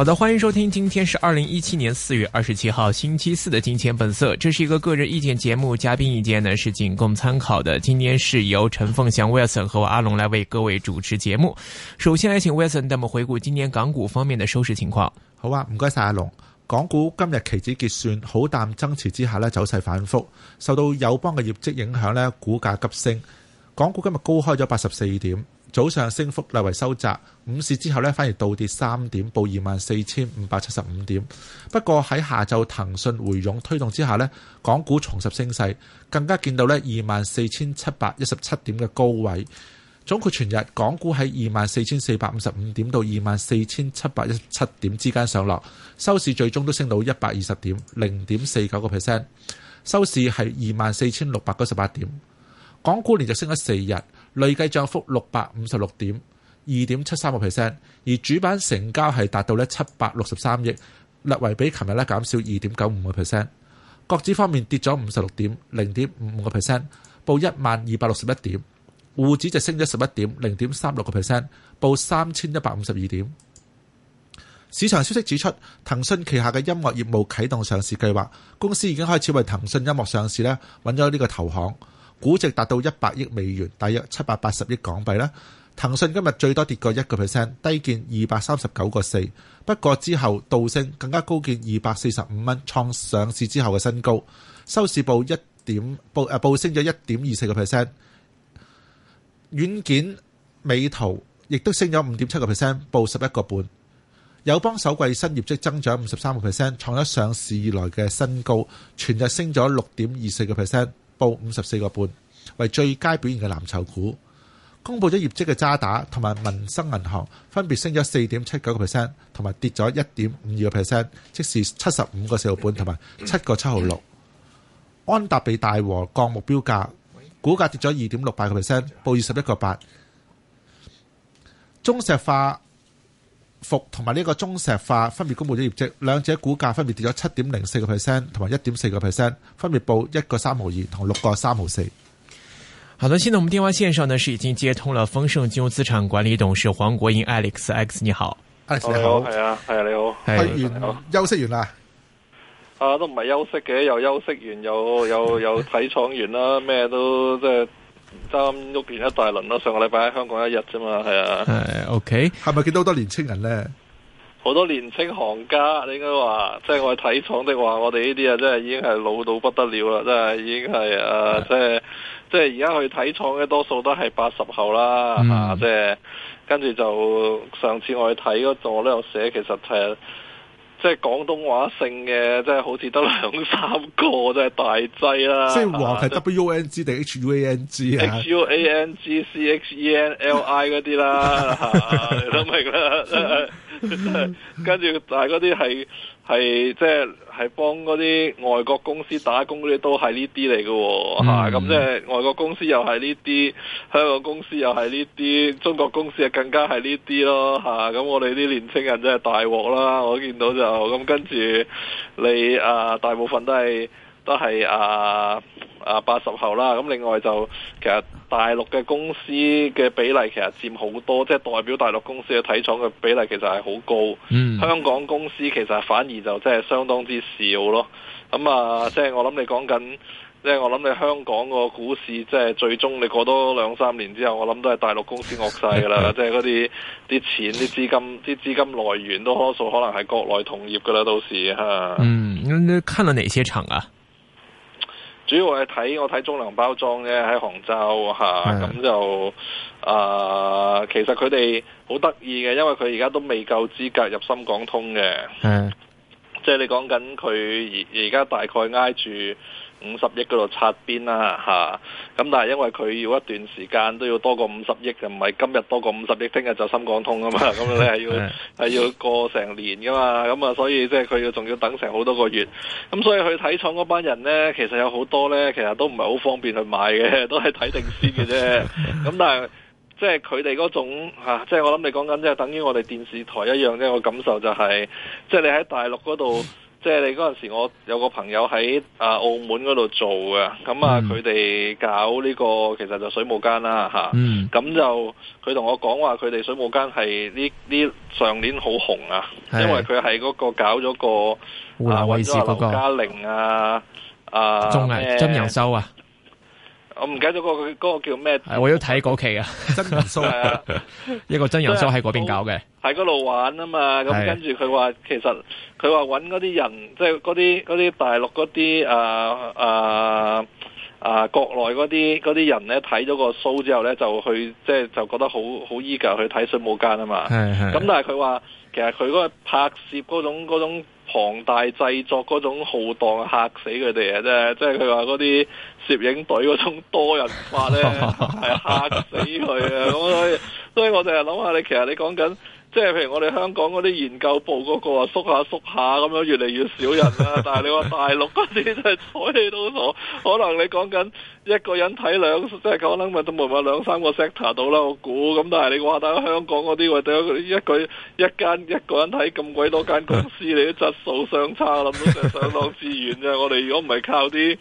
好的，歡迎收聽，今天是二零一七年四月二十七號星期四的《金錢本色》，這是一個個人意見節目，嘉賓意見呢是僅供參考的。今天是由陳鳳祥 Wilson 和我阿龍來為各位主持節目。首先來請 Wilson，帶我們回顧今年港股方面的收市情況，好啊，唔該晒阿龍。港股今日期指結算，好淡爭持之下呢，走勢反覆，受到友邦嘅業績影響呢，股價急升。港股今日高開咗八十四點。早上升幅略為收窄，午市之後咧反而倒跌三點，報二萬四千五百七十五點。不過喺下晝騰訊回勇推動之下咧，港股重拾升勢，更加見到咧二萬四千七百一十七點嘅高位。總括全日，港股喺二萬四千四百五十五點到二萬四千七百一十七點之間上落，收市最終都升到一百二十點，零點四九個 percent。收市係二萬四千六百九十八點，港股連續升咗四日。累計漲幅六百五十六點二點七三個 percent，而主板成交係達到咧七百六十三億，略為比琴日咧減少二點九五個 percent。國指方面跌咗五十六點零點五五個 percent，報一萬二百六十一點；滬指就升咗十一點零點三六個 percent，報三千一百五十二點。市場消息指出，騰訊旗下嘅音樂業務啟動上市計劃，公司已經開始為騰訊音樂上市咧揾咗呢個投行。估值達到一百億美元，大約七百八十億港幣啦。騰訊今日最多跌過一個 percent，低見二百三十九個四。不過之後倒升，更加高見二百四十五蚊，創上市之後嘅新高。收市報一點，報誒，報升咗一點二四個 percent。軟件美圖亦都升咗五點七個 percent，報十一個半。友邦首季新業績增長五十三個 percent，創咗上市以來嘅新高，全日升咗六點二四個 percent。報五十四個半，5, 為最佳表現嘅藍籌股。公布咗業績嘅渣打同埋民生銀行分別升咗四點七九個 percent，同埋跌咗一點五二個 percent，即是七十五個四毫半同埋七個七毫六。安踏被大和降目標價，股價跌咗二點六八個 percent，報二十一個八。中石化。服同埋呢個中石化分別公布咗業績，兩者股價分別跌咗七點零四個 percent 同埋一點四個 percent，分別報一個三毫二同六個三毫四。好的，現在我們電話線上呢是已經接通了豐盛金融資產管理董事黃國英 Alex X，你好，Alex 你好，係啊，係你好，係啊，係完休息完啦，啊都唔係休息嘅，又休息完又又又睇廠完啦，咩都即係。.擔喐完一大輪咯，上個禮拜喺香港一日啫嘛，係啊。係、uh，OK，係咪見到好多年青人咧？好多年青行家，你應該話，即係我睇廠的話，我哋呢啲啊，真係已經係老到不得了啦，真係已經係啊，即係即係而家去睇廠嘅多數都係八十後啦，吓，即係跟住就上次我去睇嗰度都有寫其實係。即係廣東話姓嘅，即係好似得兩三個，真係大劑啦。即係話係 W N G 定 H U A N G 啊，H U A N G C H E N L I 嗰啲啦，你都明啦。 跟住但係嗰啲係。係即係幫嗰啲外國公司打工嗰啲都係呢啲嚟嘅吓，咁、嗯啊、即係外國公司又係呢啲，香港公司又係呢啲，中國公司啊更加係呢啲咯吓，咁、啊、我哋啲年青人真係大鑊啦，我見到就咁、啊、跟住你啊，大部分都係都係啊。啊，八十後啦，咁另外就其實大陸嘅公司嘅比例其實佔好多，即係代表大陸公司嘅體廠嘅比例其實係好高。嗯，香港公司其實反而就即係相當之少咯。咁、嗯、啊，即係我諗你講緊，即係我諗你香港個股市，即係最終你過多兩三年之後，我諗都係大陸公司惡勢噶啦，即係嗰啲啲錢、啲資金、啲資金來源都多數可能係國內同業噶啦，到時吓。嗯，嗯，你看到哪些廠啊？主要係睇，我睇中糧包裝啫，喺杭州吓咁、啊、就誒、呃。其實佢哋好得意嘅，因為佢而家都未夠資格入深港通嘅，嗯，即係你講緊佢而而家大概挨住。五十億嗰度刷邊啦吓，咁、啊、但係因為佢要一段時間都要多過五十億，就唔係今日多過五十億，聽日就深港通啊嘛，咁你係要係要過成年噶嘛，咁啊所以即係佢要仲要等成好多個月，咁、啊、所以去睇廠嗰班人呢，其實有好多呢，其實都唔係好方便去買嘅，都係睇定先嘅啫。咁 但係即係佢哋嗰種吓，即、啊、係、就是、我諗你講緊即係等於我哋電視台一樣咧，個感受就係、是，即、就、係、是、你喺大陸嗰度。 即係你嗰陣時，我有個朋友喺啊澳門嗰度做嘅，咁啊佢哋，嗯，搞呢，這個其實就水舞間啦吓，咁、嗯啊、就佢同我講話佢哋水舞間係呢呢上年好紅啊，因為佢係嗰個搞咗個哇啊，搵咗阿劉嘉玲啊啊，仲係金仁修啊。文什麼 我唔記得咗嗰個叫咩？係、啊，我要睇嗰期啊，真人 show 啊！ 一個真人 show 喺嗰邊搞嘅，喺嗰度玩啊嘛。咁跟住佢話，其實佢話揾嗰啲人，即係嗰啲嗰啲大陸嗰啲啊啊啊，國內嗰啲嗰啲人咧睇咗個 show 之後咧，就去即係、就係、就覺得好好依舊去睇水舞間啊嘛。咁是但係佢話，其實佢嗰個拍攝嗰種嗰種。龐大製作嗰種浩蕩吓死佢哋啊！真係，即係佢話嗰啲攝影隊嗰種多人化咧，係吓 死佢啊！咁所以，所以我就係諗下，你其實你講緊，即係譬如我哋香港嗰啲研究部嗰個啊，縮下縮下咁樣，越嚟越少人啦、啊。 但係你話大陸嗰啲真係睬你都傻，可能你講緊。一個人睇兩即係、就是、可能咪都冇乜兩三個 sector 到啦，我估咁，但係你話等香港嗰啲或者一個一間一個人睇咁鬼多間公司， 你啲質素相差，諗都係相當之遠啫。我哋如果唔係靠啲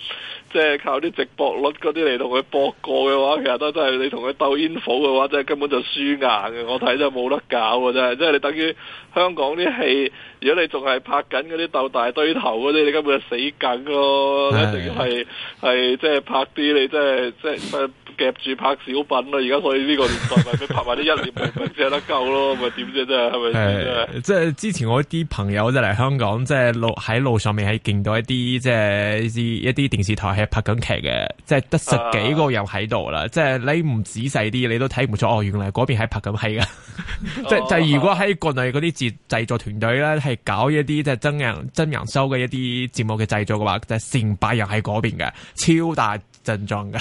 即係靠啲直播率嗰啲嚟同佢博過嘅話，其實都真係你同佢鬥煙火嘅話，真、就、係、是、根本就輸硬嘅。我睇真係冇得搞嘅真係，即、就、係、是、你等於香港啲戲，如果你仲係拍緊嗰啲鬥大堆頭嗰啲，你根本就死梗咯， 一定要係係即係拍啲。你真係真係夾住拍小品咯，而家所以呢個年代咪拍埋啲一年咪正得夠咯，咪點啫，是是真係係咪即係之前我啲朋友就嚟香港，即係路喺路上面係見到一啲即係一啲一啲電視台係拍緊劇嘅，即係得十幾個人喺度啦。啊、即係你唔仔細啲，你都睇唔出 哦。原來嗰邊係拍緊戲嘅。即係即係，如果喺國內嗰啲製製作團隊咧係搞一啲即係真人真人秀嘅一啲節目嘅製作嘅話，就成百人喺嗰邊嘅，超大。症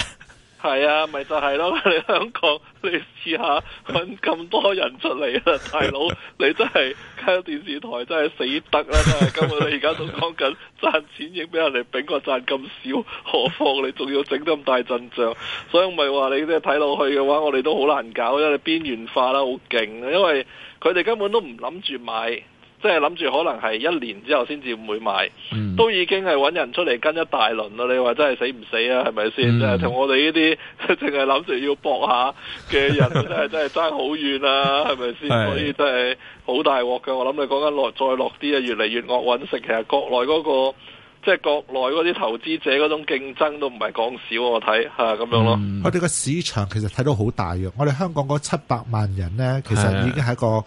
係啊，咪 就係、是、咯。你香港，你試下搵咁多人出嚟啊，大佬，你真係喺電視台真係死得啦，真係。根本你而家都講緊賺錢比，亦俾人哋餅個賺咁少，何況你仲要整到咁大陣仗，所以我咪話你即係睇落去嘅話，我哋都好難搞，因為邊緣化啦，好勁啊，因為佢哋根本都唔諗住買。即係諗住可能係一年之後先至會買，都已經係揾人出嚟跟一大輪咯。你話真係死唔死啊？係咪先？即誒、嗯，同我哋呢啲淨係諗住要搏下嘅人， 真係真係爭好遠啊！係咪先？是的 所以真係好大鑊嘅。我諗你講緊落再落啲啊，越嚟越惡揾食。其實國內嗰、那個即係國內嗰啲投資者嗰種競爭都唔係講少。我睇吓咁樣咯。嗯嗯、我哋個市場其實睇到好大嘅。我哋香港嗰七百萬人呢，其實已經係一個。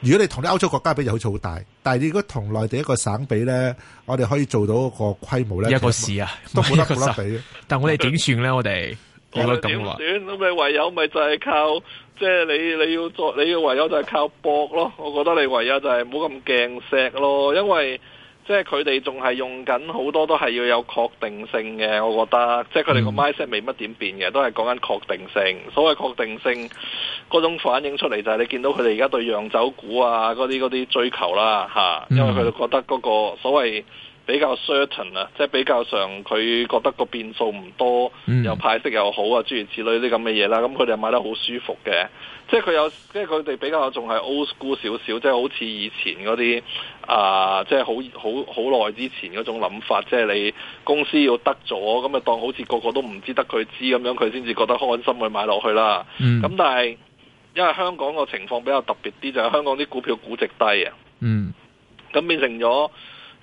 如果你同啲歐洲國家比，又好似好大，但係你如果同內地一個省比咧，我哋可以做到一個規模咧，一個市啊，市都冇得冇得比。但我哋點算咧？ 我哋如果咁話，點算？咁你唯有咪就係靠，即係你你要做，你要唯有就係靠搏咯。我覺得你唯有就係唔好咁驚死咯，因為即係佢哋仲係用緊好多都係要有確定性嘅。我覺得，即係佢哋個 mindset 未乜點變嘅，都係講緊確定性。所謂確定性。嗰種反映出嚟就係你見到佢哋而家對洋酒股啊，嗰啲啲追求啦，嚇、啊，因為佢哋覺得嗰個所謂比較 certain 啊，即係比較上佢覺得個變數唔多，又派息又好啊，諸如此類啲咁嘅嘢啦，咁佢哋買得好舒服嘅，即係佢有，即係佢哋比較仲係 old school 少少，即係好似以前嗰啲啊，即係好好好耐之前嗰種諗法，即係你公司要得咗，咁咪當好似個個都唔知得佢知咁樣，佢先至覺得開心去買落去啦。咁、嗯、但係因為香港個情況比較特別啲，就係香港啲股票估值低啊，嗯，咁變成咗，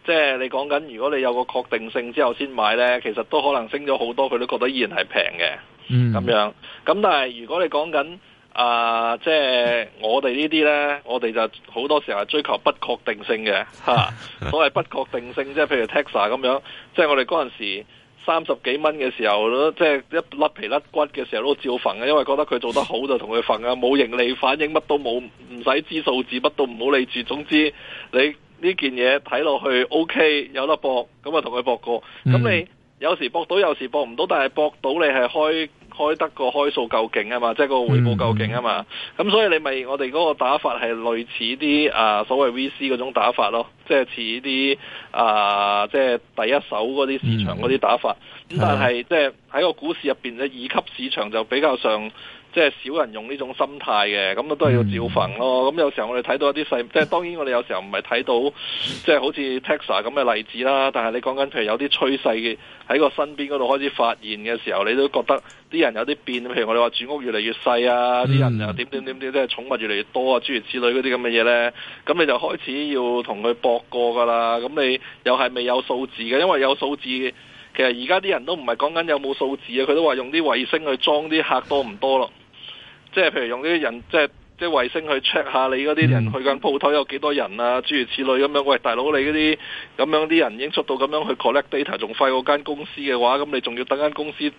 即係你講緊如果你有個確定性之後先買呢，其實都可能升咗好多，佢都覺得依然係平嘅，嗯，咁樣。咁但係如果你講緊啊，即係我哋呢啲呢，我哋就好多時候係追求不確定性嘅，嚇， 所謂不確定性即係譬如 Tesla 咁樣，即係我哋嗰陣時。三十幾蚊嘅時候，都即係一甩皮甩骨嘅時候都照瞓嘅，因為覺得佢做得好就同佢瞓啊！冇盈利反應，乜都冇，唔使知數字，乜都唔好理住。總之你呢件嘢睇落去 OK，有得博咁啊，同佢博過。咁、嗯、你有時博到，有時博唔到，但係博到你係開。開得個開數夠勁啊嘛，即係個回報夠勁啊嘛，咁、嗯、所以你咪我哋嗰個打法係類似啲啊所謂 V C 嗰種打法咯，即係似啲啊即係第一手嗰啲市場嗰啲打法，咁但係即係喺個股市入邊咧，二級市場就比較上。即係少人用呢種心態嘅，咁都都係要照份咯。咁、嗯、有時候我哋睇到一啲細，即係當然我哋有時候唔係睇到，即係好似 Texas 咁嘅例子啦。但係你講緊譬如有啲趨勢嘅喺個身邊嗰度開始發現嘅時候，你都覺得啲人有啲變。譬如我哋話住屋越嚟越細啊，啲、嗯、人又點點點點，即係寵物越嚟越多啊，諸如此類嗰啲咁嘅嘢呢。咁你就開始要同佢搏過㗎喇。咁你又係未有數字嘅，因為有數字，其實而家啲人都唔係講緊有冇數字啊，佢都話用啲衛星去裝啲客多唔多咯。即係譬如用呢啲人，即係即係衛星去 check 下你嗰啲人去緊鋪頭有幾多人啊，諸如此類咁樣。喂，大佬你嗰啲咁樣啲人已經速度咁樣去 collect data 仲快過間公司嘅話，咁你仲要等間公司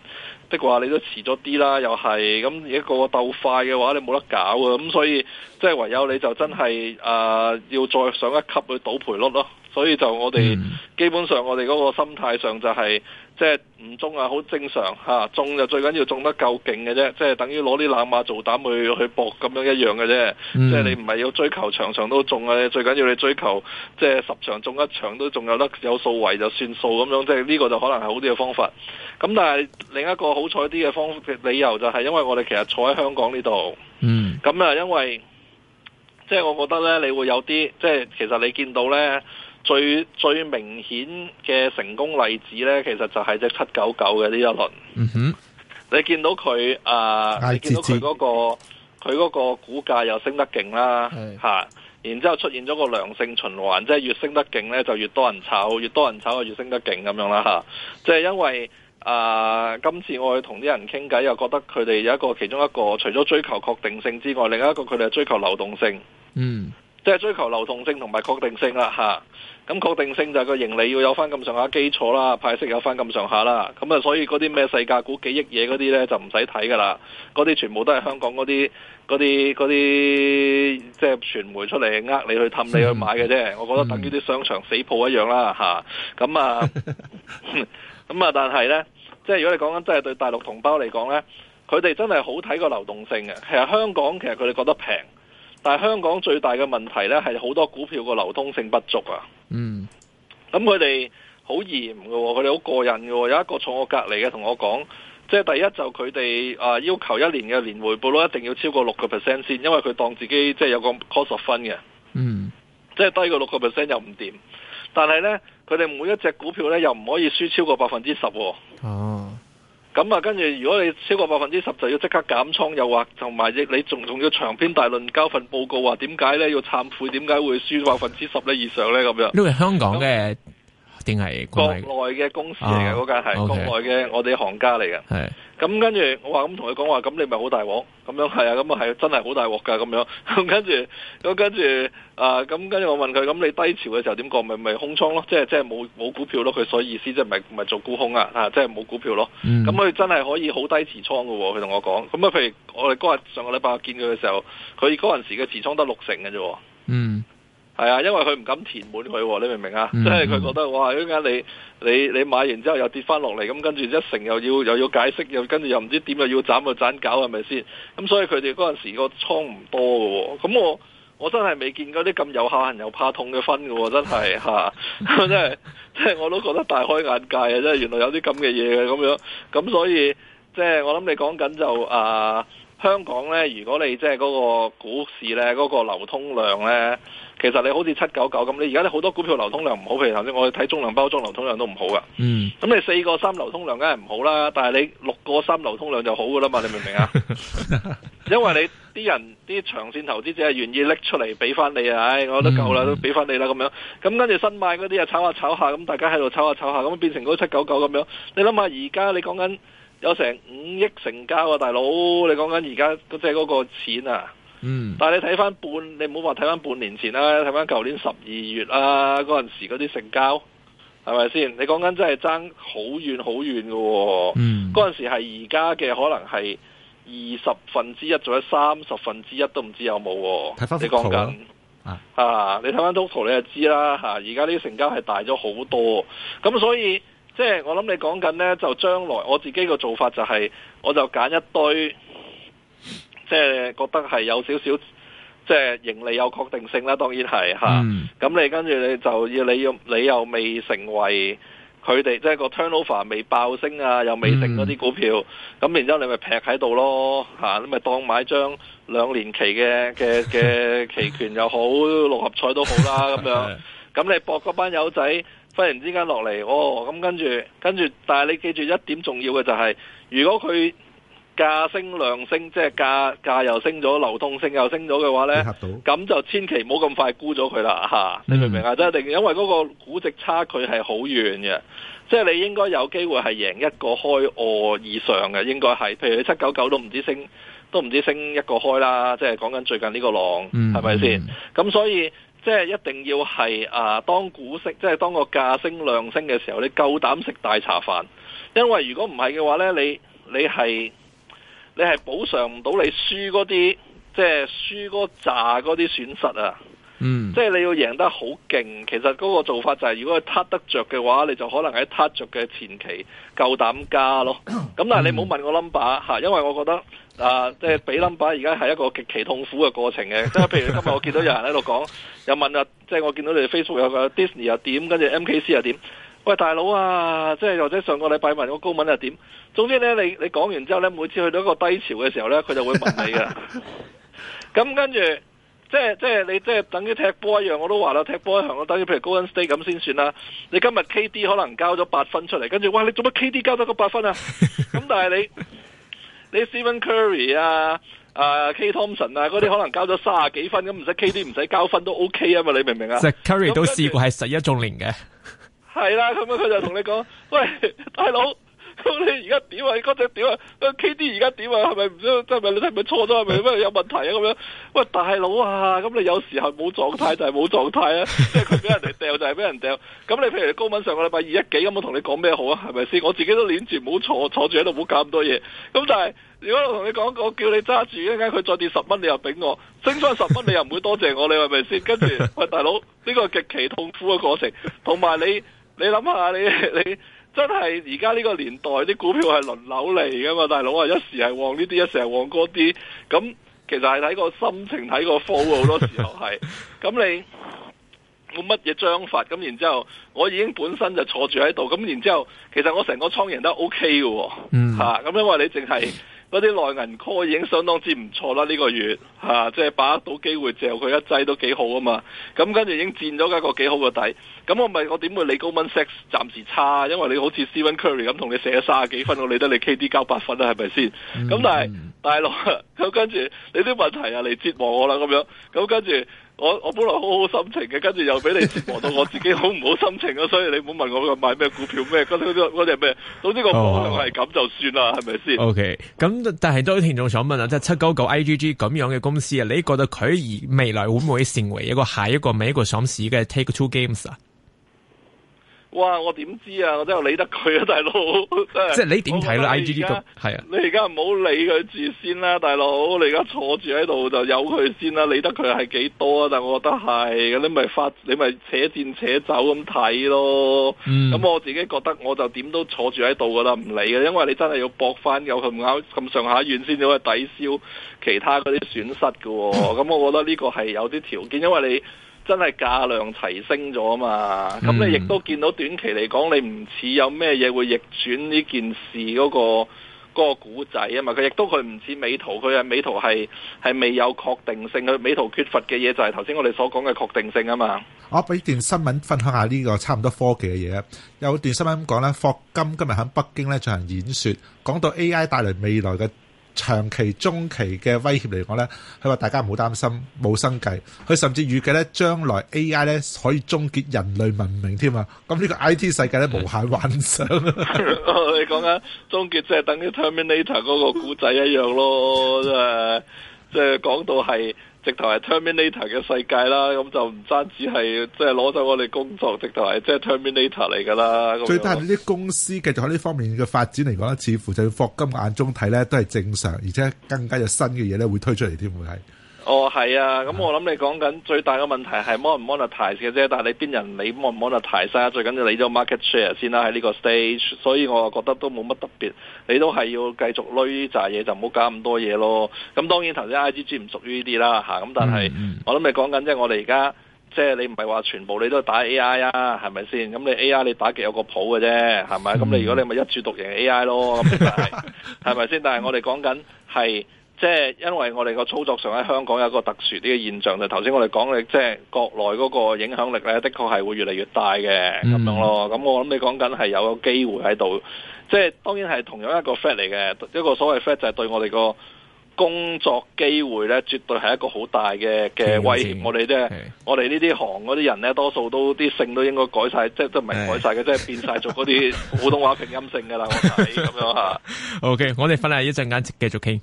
的話你都遲咗啲啦，又係咁而家個個鬥快嘅話，你冇得搞啊。咁所以即係唯有你就真係誒、呃、要再上一級去賭賠率咯。所以就我哋基本上我哋嗰個心態上就係即係唔中啊，好正常吓。中就最緊要中得夠勁嘅啫，即係等於攞啲冷馬做膽去去博咁樣一樣嘅啫。即係、嗯、你唔係要追求場場都中啊，最緊要你追求即係十場中一場都仲有得有數為就算數咁樣，即係呢個就可能係好啲嘅方法。咁但係另一個好彩啲嘅方法理由就係因為我哋其實坐喺香港呢度。嗯。咁啊，因為即係我覺得咧，你會有啲即係其實你見到咧。最最明顯嘅成功例子呢，其實就係隻七九九嘅呢一輪。嗯、哼你見到佢啊？呃哎、你見到佢嗰、嗰個佢嗰、哎、個股價又升得勁啦，嚇、哎啊！然之後出現咗個良性循環，即係越升得勁呢，就越多人炒，越多人炒就越升得勁咁樣啦嚇、啊！即係因為啊，今次我去同啲人傾偈，又覺得佢哋有一個其中一個，除咗追求確定性之外，另一個佢哋係追求流動性。嗯，即係追求流動性同埋確定性啦嚇。啊。咁確定性就係個盈利要有翻咁上下基礎啦，派息有翻咁上下啦，咁啊，所以嗰啲咩細價股幾億嘢嗰啲呢，就唔使睇噶啦，嗰啲全部都係香港嗰啲嗰啲嗰啲即係傳媒出嚟呃你去氹你去買嘅啫，我覺得等於啲商場死鋪一樣啦吓，咁啊咁啊， 但係呢，即係如果你講緊真係對大陸同胞嚟講呢，佢哋真係好睇個流動性嘅，其實，香港其實佢哋覺得平，但係香港最大嘅問題呢，係好多股票個流通性不足啊。咁佢哋好嚴嘅，佢哋好過癮嘅、哦。有一個坐我隔離嘅同我講，即係第一就佢哋啊要求一年嘅年回報率一定要超過六個 percent 先，因為佢當自己即係有個 cost of fund 嘅。嗯，即係低過六個 percent 又唔掂。但係呢，佢哋每一隻股票呢又唔可以輸超過百分之十喎。哦。啊咁啊，跟住如果你超過百分之十，就要即刻減倉。又話就埋亦你仲仲要長篇大論交份報告，話點解呢？要慚悔，點解會輸百分之十呢？以上呢？咁樣。呢個係香港嘅。定係國內嘅公司嚟嘅嗰間係 okay, 國內嘅我哋行家嚟嘅，咁是跟住我話咁同佢講話，咁你咪好大鑊，咁樣係啊，咁啊係真係好大鑊㗎，咁樣咁 跟住咁跟住啊，咁跟住我問佢，咁你低潮嘅時候點過？咪咪空倉咯，即係即係冇冇股票咯，佢所以意思即係咪係做沽空啊，啊，即係冇股票咯，咁佢、嗯、真係可以好低持倉嘅喎，佢同我講，咁啊譬如我哋嗰日上個禮拜見佢嘅時候，佢嗰陣時嘅持倉得六成嘅啫喎。嗯係啊，因為佢唔敢填滿佢，你明唔明啊？嗯、即係佢覺得哇，呢間你你你買完之後又跌翻落嚟，咁跟住一成又要又要解釋，又跟住又唔知點又要斬又斬搞係咪先？咁、嗯、所以佢哋嗰陣時個倉唔多嘅、哦，咁、嗯、我我真係未見過啲咁有下限又怕痛嘅分嘅、哦，真係吓、啊嗯，真係真係我都覺得大開眼界啊！即係原來有啲咁嘅嘢嘅咁樣，咁、嗯嗯、所以即係我諗你講緊就啊、呃，香港咧，如果你即係嗰個股市咧，嗰、嗰個流通量咧。嗰個其實你好似七九九咁，你而家咧好多股票流通量唔好，譬如頭先我哋睇中糧包裝流通量都唔好噶。咁、嗯、你四個三流通量梗係唔好啦，但係你六個三流通量就好噶啦嘛，你明唔明啊？ 因為你啲人啲長線投資者係願意拎出嚟俾翻你啊，唉、哎，我都夠啦，都俾翻你啦咁、嗯、樣。咁跟住新買嗰啲啊，炒下炒下，咁大家喺度炒下炒下，咁變成嗰七九九咁樣。你諗下而家你講緊有成五億成交啊，大佬，你講緊而家即係嗰個錢啊！嗯，但係你睇翻半，你唔好話睇翻半年前啦，睇翻舊年十二月啦、啊。嗰陣時嗰啲成交係咪先？你講緊真係爭好遠好遠噶，嗯，嗰陣時係而家嘅可能係二十分之一，仲有三十分之一都唔知有冇。睇翻圖表啦，啊，啊，你睇翻圖表你就知啦，吓，而家呢啲成交係大咗好多，咁所以即係我諗你講緊呢，就將來我自己嘅做法就係、是，我就揀一堆。即係覺得係有少少，即係盈利有確定性啦，當然係嚇。咁、啊嗯、你跟住你就要你要你，你又未成為佢哋，即係個 turnover 未爆升啊，又未升嗰啲股票，咁、嗯、然之後你咪劈喺度咯嚇、啊，你咪當買張兩年期嘅嘅嘅期權又好，六合彩都好啦咁樣。咁 你博嗰班友仔忽然之間落嚟哦，咁跟住跟住，但係你記住一點重要嘅就係、是，如果佢。價升量升，即係價價又升咗，流通性又升咗嘅話呢，咁就千祈唔好咁快沽咗佢啦吓。你明唔明啊？即係定，因為嗰個估值差距係好遠嘅，即係你應該有機會係贏一個開哦以上嘅，應該係。譬如你七九九都唔知升，都唔知升一個開啦。即係講緊最近呢個浪，係咪先？咁、嗯、所以即係一定要係啊，當股息，即係當個價升量升嘅時候，你夠膽食大茶飯。因為如果唔係嘅話呢，你你係。你你你係補償唔到你輸嗰啲，即係輸嗰扎嗰啲損失啊！嗯，即係你要贏得好勁，其實嗰個做法就係，如果佢撻得着嘅話，你就可能喺撻着嘅前期夠膽加咯。咁但係你冇問我 number 吓，嗯、因為我覺得啊，即係畀 number 而家係一個極其痛苦嘅過程嘅。即係譬如今日我見到有人喺度講， 又問啊，即係我見到你 Facebook 有個 Disney 又點，跟住 M K C 又點。喂，大佬啊，即係或者上個禮拜問我高文又點？總之咧，你你講完之後咧，每次去到一個低潮嘅時候咧，佢就會問你噶。咁跟住，即係即係你即係等於踢波一樣，我都話啦，踢波一樣，我等於譬如 Golden State 咁先算啦。你今日 KD 可能交咗八分出嚟，跟住哇，你做乜 KD 交咗個八分啊？咁 但係你你 s, Stephen Curry 啊，啊 K Thompson 啊，嗰啲可能交咗卅幾分，咁唔使 KD 唔使交分都 OK 啊嘛？你明唔明啊？其實 Curry 都試過係十一中零嘅。 係啦，咁樣佢就同你講：喂，大佬，咁你而家點啊？嗰隻點啊？KD 而家點啊？係咪唔知？即係咪你真係咪錯咗？係咪乜有問題啊？咁樣，喂，大佬啊，咁你有時候冇狀態就係冇狀態啊，即係佢俾人哋掉就係俾人掉。咁 你譬如高敏上個禮拜二一幾咁，我同你講咩好啊？係咪先？我自己都捻住唔好坐，坐住喺度唔好搞咁多嘢。咁但係如果我同你講，我叫你揸住，一陣間佢再跌十蚊，你又俾我升翻十蚊，你又唔會多謝我，你係咪先？跟住喂，大佬，呢個極其痛苦嘅過程，同埋你。你諗下，你你真係而家呢個年代啲股票係輪流嚟噶嘛？大佬啊，一時係旺呢啲，一時係旺嗰啲，咁其實係睇個心情，睇個 feel 好多時候係。咁你冇乜嘢章法，咁然之後我已經本身就坐住喺度，咁然之後其實我成個倉型都 O K 嘅，吓咁、嗯啊、因為你淨係。嗰啲內銀 call 已經相當之唔錯啦，呢、這個月嚇，即、啊、係、就是、把握到機會借佢一劑都幾好啊嘛，咁、嗯、跟住已經佔咗一個幾好嘅底，咁、嗯、我咪我點會理高蚊 sex 暫時差，因為你好似 Stephen Curry 咁同你寫咗卅幾分，我理得你 KD 交八分、嗯嗯嗯、啊，係咪先？咁但係大佬，咁跟住你啲問題啊嚟折磨我啦咁樣，咁跟住。我我本來好好心情嘅，跟住又俾你折磨到我自己好唔好心情啊！ 所以你唔好問我個買咩股票咩，嗰啲啲嗰咩，總之個方向係咁就算啦，係咪先？OK，咁但係都有聽眾想問啊，即係七九九 IGG 咁樣嘅公司啊，你覺得佢而未來會唔會成為一個下一個美國上市嘅 Take Two Games 啊？哇！我點知啊？我真係理得佢啊，大佬！即係你點睇咧？I G E 啊！啊啊你而家唔好理佢住先啦，大佬！你而家坐住喺度就有佢先啦、啊，理得佢係幾多啊？但係我覺得係，嗰咪發，你咪扯戰扯走咁睇咯。咁、嗯、我自己覺得我就點都坐住喺度噶啦，唔理嘅，因為你真係要搏翻有咁啱咁上下院先，至可以抵消其他嗰啲損失嘅、啊。咁 我覺得呢個係有啲條件，因為你。真係價量提升咗嘛？咁你亦都見到短期嚟講，你唔似有咩嘢會逆轉呢件事嗰個嗰個股仔啊嘛？佢亦都佢唔似美圖，佢係美圖係係未有確定性。佢美圖缺乏嘅嘢就係頭先我哋所講嘅確定性啊嘛。我俾段新聞分享下呢個差唔多科技嘅嘢，有段新聞噉講咧霍金今日喺北京咧進行演說，講到 A I 帶嚟未來嘅。長期、中期嘅威脅嚟講咧，佢話大家唔好擔心冇生計。佢甚至預計咧，將來 AI 咧可以終結人類文明添啊！咁呢個 IT 世界咧無限幻想。 你講緊終結即係等於 Terminator 嗰個古仔一樣咯，即係即係講到係。直頭係 Terminator 嘅世界啦，咁就唔單止係即係攞走我哋工作，直頭係即係 Terminator 嚟㗎啦。最大啲公司繼續，就喺呢方面嘅發展嚟講咧，似乎就喺霍金眼中睇咧都係正常，而且更加有新嘅嘢咧會推出嚟添，會係。哦，係啊，咁我諗你講緊最大嘅問題係 mon 唔 monetize 嘅啫，但係你邊人你 mon 唔 monetize 啊？最緊要你咗 market share 先啦，喺呢個 stage，所以我話覺得都冇乜特別，你都係要繼續累扎嘢，就唔好搞咁多嘢咯。咁當然頭先 I G G 唔屬於呢啲啦吓，咁但係我諗你講緊即係我哋而家即係你唔係話全部你都打 A I 啊，係咪先？咁你 A I 你打極有個譜嘅啫，係咪？咁你如果你咪一注獨贏 A I 咯，係咪先？但係我哋講緊係。即係因為我哋個操作上喺香港有一個特殊啲嘅現象，就頭先我哋講嘅，即係國內嗰個影響力咧，的確係會越嚟越大嘅咁、嗯、樣咯。咁我諗你講緊係有個機會喺度，即係當然係同樣一個 f a t 嚟嘅，一個所謂 f a t 就係對我哋個工作機會咧，絕對係一個好大嘅嘅威脅。聽話 我哋即係我哋呢啲行嗰啲人咧，多數都啲姓都應該改晒，即係都唔係改晒嘅，是是即係變晒做嗰啲普通話拼音姓㗎啦。咁 樣嚇。O、okay, K，我哋翻嚟一陣間繼續傾。